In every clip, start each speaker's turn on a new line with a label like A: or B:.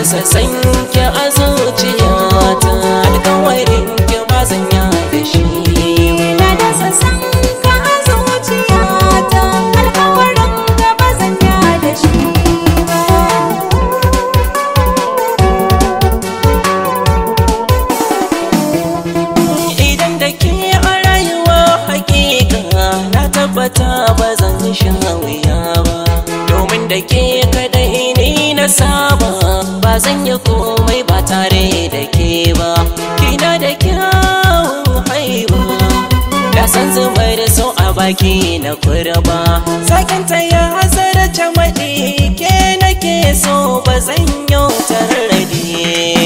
A: rasa sanke a zuciyata alkawarin ki ba zan yafe shi na rasa sanke a
B: zuciyata alkawarin ka ba zan yafe shi
A: idan da ke a rayuwa hakika na tabbata ba zan shawiya ba domin da ke kada na saba ba zan yi komai ba tare da ke ba kina da kyawun haiba da san zubar da so a baki na kurba ta ya hasara ta maɗi ke nake so ba zan yau tarrade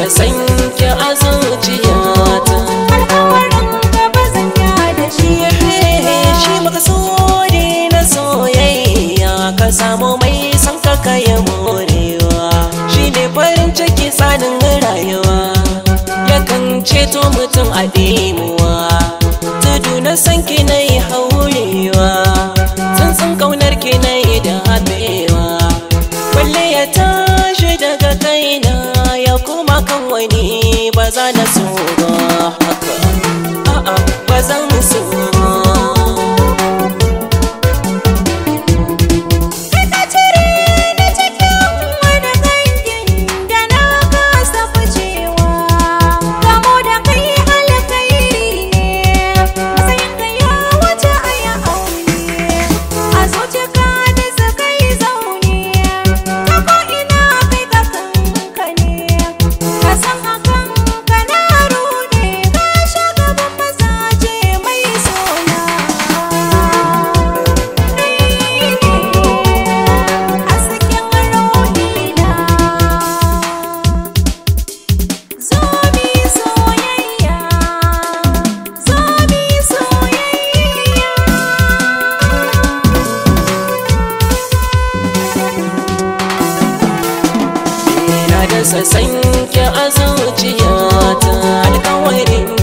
A: ka sanke a zuciyata alkawarin ka ba zan da shi shi makasudi na soyayya ka samu mai san ka kaya morewa shi farin ciki tsanin rayuwa yakan ceto mutum a dimuwa tudu na akan wani ba za na so ba haka a'a ba mu so ba sa sanke a zuciyata alkawarin